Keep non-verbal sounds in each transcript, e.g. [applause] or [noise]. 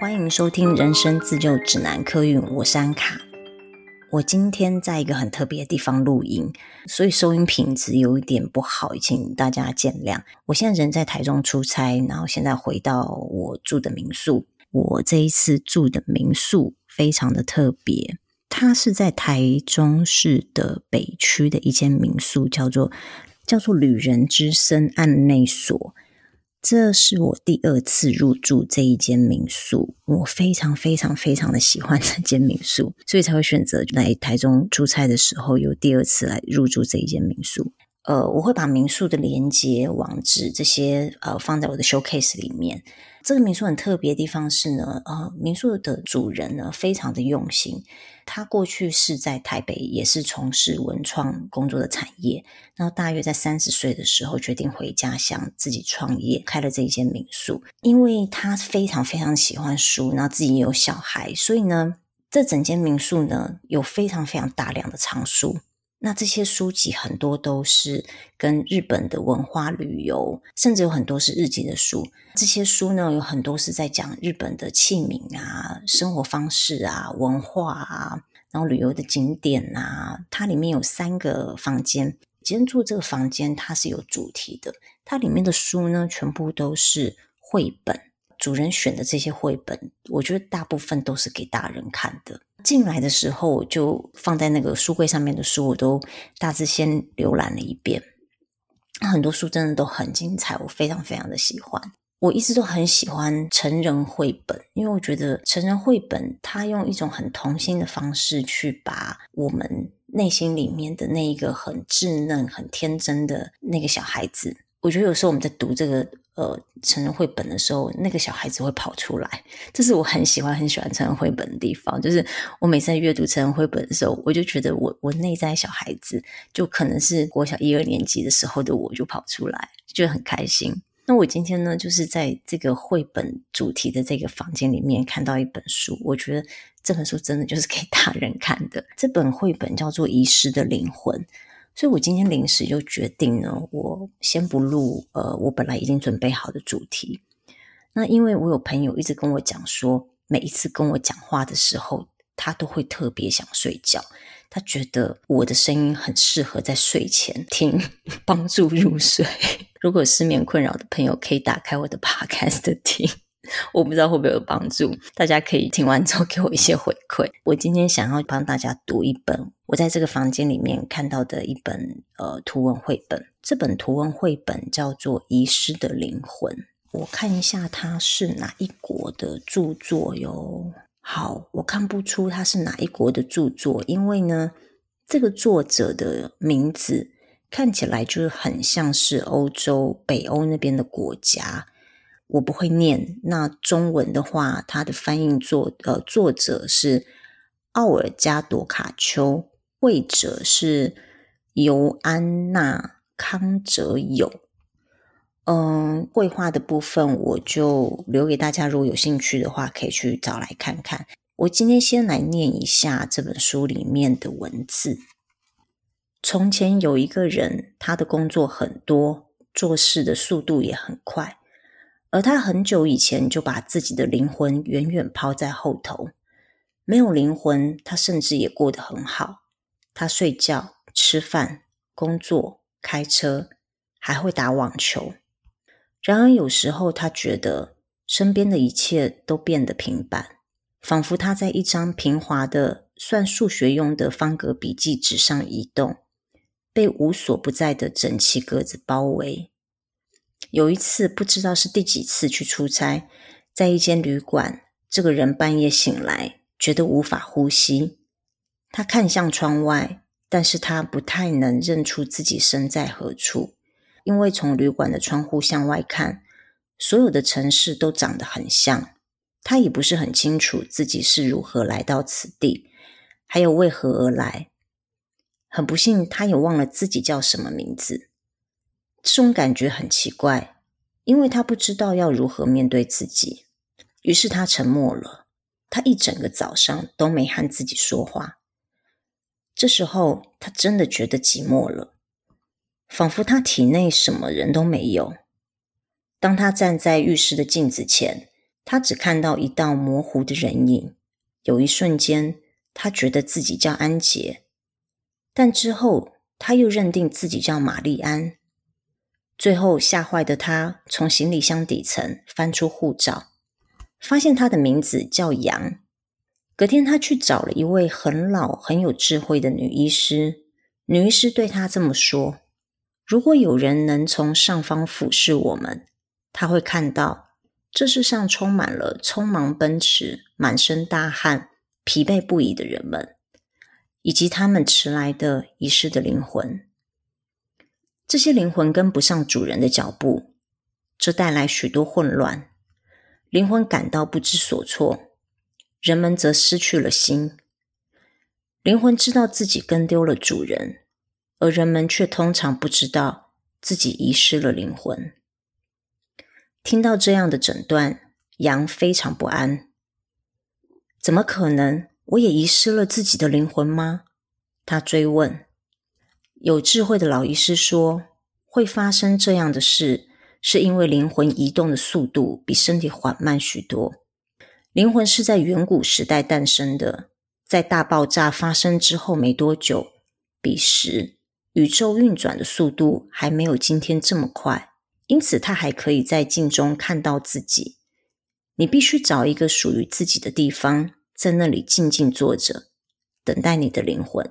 歡迎收聽《人生自救指南》客運，我是安卡。我今天在一個很特別的地方錄音，所以收音品質有一點不好，請大家見諒。我現在人在台中出差，然後現在回到我住的民宿。我這一次住的民宿非常的特別，它是在台中市的北區的一間民宿，叫做叫做旅人之森案內所。這是我第二次入住這一間民宿，我非常非常非常的喜歡這間民宿，所以才會選擇來台中出差的時候有第二次來入住這一間民宿。呃，我會把民宿的連接網址這些呃放在我的 showcase 裡面。這個民宿很特別的地方是呢，呃，民宿的主人呢非常的用心。他過去是在台北，也是從事文創工作的產業。然後大約在三十歲的時候，決定回家鄉自己創業，開了這一間民宿。因為他非常非常喜歡書，然後自己也有小孩，所以呢，這整間民宿呢有非常非常大量的藏書。那這些書籍很多都是跟日本的文化旅遊，甚至有很多是日籍的書。這些書呢，有很多是在講日本的器皿啊、生活方式啊、文化啊，然後旅遊的景點啊。它裡面有三個房間，今天住這個房間它是有主題的，它裡面的書呢全部都是繪本。主人選的這些繪本，我覺得大部分都是給大人看的。進來的時候，就放在那個書櫃上面的書，我都大致先瀏覽了一遍。很多書真的都很精彩，我非常非常的喜歡。我一直都很喜歡成人繪本，因為我覺得成人繪本它用一種很童心的方式去把我們內心裡面的那一個很稚嫩、很天真的那個小孩子。我覺得有時候我們在讀這個。呃，成人繪本的時候，那個小孩子會跑出來，這是我很喜歡很喜歡成人繪本的地方。就是我每次閱讀成人繪本的時候，我就覺得我我內在小孩子，就可能是國小一二年級的時候的我就跑出來，就很開心。那我今天呢，就是在這個繪本主題的這個房間裡面看到一本書，我覺得這本書真的就是給大人看的。這本繪本叫做《遺失的靈魂》。所以，我今天臨時就決定呢，我先不錄，呃，我本來已經準備好的主題。那因為我有朋友一直跟我講說，每一次跟我講話的時候，他都會特別想睡覺，他覺得我的聲音很適合在睡前聽，幫助入睡。 [laughs] 如果失眠困擾的朋友，可以打開我的 Podcast 聽。我不知道會不會有幫助，大家可以聽完之後給我一些回饋。 [laughs] 我今天想要幫大家讀一本我在這個房間裡面看到的一本呃圖文繪本，這本圖文繪本叫做《遺失的靈魂》。我看一下它是哪一國的著作喲。好，我看不出它是哪一國的著作，因為呢，這個作者的名字看起來就是很像是歐洲，北歐那邊的國家。我不會念。那中文的話，它的翻譯作呃作者是奧爾加·朵卡萩，繪者是尤安娜·康哲友。嗯，繪畫的部分我就留給大家，如果有興趣的話，可以去找來看看。我今天先來念一下這本書裡面的文字。從前有一個人，他的工作很多，做事的速度也很快。而他很久以前就把自己的靈魂遠遠拋在後頭，沒有靈魂，他甚至也過得很好。他睡覺、吃飯、工作、開車，還會打網球。然而，有時候他覺得身邊的一切都變得平板，仿佛他在一張平滑的算數學用的方格筆記紙上移動，被無所不在的整齊格子包圍。有一次，不知道是第幾次去出差，在一間旅館，這個人半夜醒來，覺得無法呼吸。他看向窗外，但是他不太能認出自己身在何處，因為從旅館的窗戶向外看，所有的城市都長得很像。他也不是很清楚自己是如何來到此地，還有為何而來。很不幸，他也忘了自己叫什麼名字。這種感覺很奇怪，因為他不知道要如何面對自己，於是他沉默了。他一整個早上都沒和自己說話。這時候，他真的覺得寂寞了，仿佛他體內什麼人都沒有。當他站在浴室的鏡子前，他只看到一道模糊的人影。有一瞬間，他覺得自己叫安杰，但之後他又認定自己叫瑪麗安。最後嚇壞的他，從行李箱底層翻出護照，發現他的名字叫楊。隔天，他去找了一位很老、很有智慧的女醫師。女醫師對他這麼說：“如果有人能從上方俯視我們，他會看到這世上充滿了匆忙奔馳、滿身大汗、疲憊不已的人們，以及他們遲來的、遺失的靈魂。”這些靈魂跟不上主人的腳步，這帶來許多混亂。靈魂感到不知所措，人們則失去了心。靈魂知道自己跟丟了主人，而人們卻通常不知道自己遺失了靈魂。聽到這樣的診斷，楊非常不安。怎麼可能？我也遺失了自己的靈魂嗎？他追問。有智慧的老醫師說：“會發生這樣的事，是因為靈魂移動的速度比身體緩慢許多。靈魂是在遠古時代誕生的，在大爆炸發生之後沒多久。彼時，宇宙運轉的速度還沒有今天這麼快，因此他還可以在鏡中看到自己。你必須找一個屬於自己的地方，在那裡靜靜坐着，等待你的靈魂。”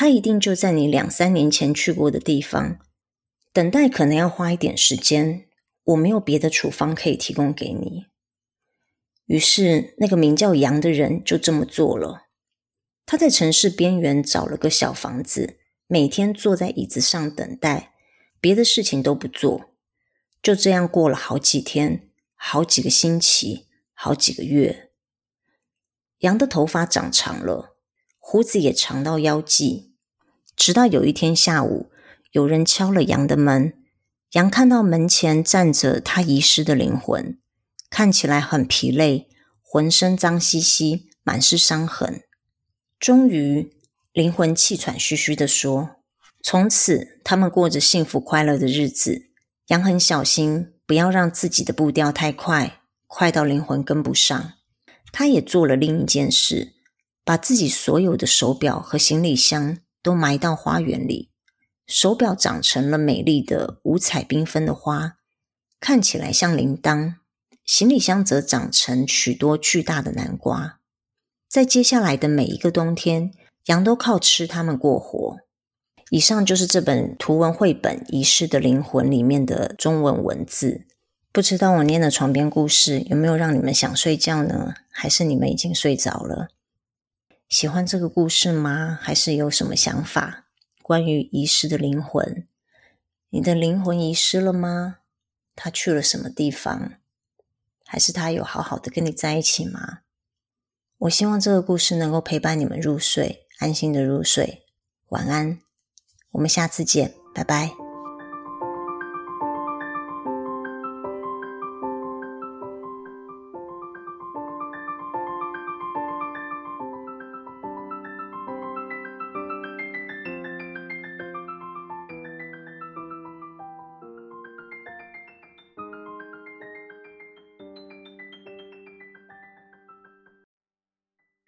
他一定就在你兩三年前去過的地方，等待可能要花一點時間。我沒有別的處方可以提供給你。於是，那個名叫楊的人就這麼做了。他在城市邊緣找了個小房子，每天坐在椅子上等待，別的事情都不做。就這樣過了好幾天、好幾個星期、好幾個月，楊的頭髮長長了，胡子也長到腰際。直到有一天下午，有人敲了楊的門。楊看到門前站着他遺失的靈魂，看起來很疲累，渾身髒兮兮，滿是傷痕。終於，靈魂氣喘吁吁地說：“從此，他們過着幸福快樂的日子。”楊很小心，不要讓自己的步調太快，快到靈魂跟不上。他也做了另一件事，把自己所有的手表和行李箱。都埋到花園裡，手錶長成了美麗的五彩繽紛的花，看起來像鈴鐺；行李箱則長成許多巨大的南瓜。在接下來的每一個冬天，羊都靠吃它們過活。以上就是這本圖文繪本《遺失的靈魂》裡面的中文文字。不知道我念的床邊故事有沒有讓你們想睡覺呢？還是你們已經睡着了？喜歡這個故事嗎？還是有什麼想法？關於遺失的靈魂，你的靈魂遺失了嗎？他去了什麼地方？還是他有好好的跟你在一起嗎？我希望這個故事能夠陪伴你們入睡，安心的入睡。晚安，我們下次見，拜拜。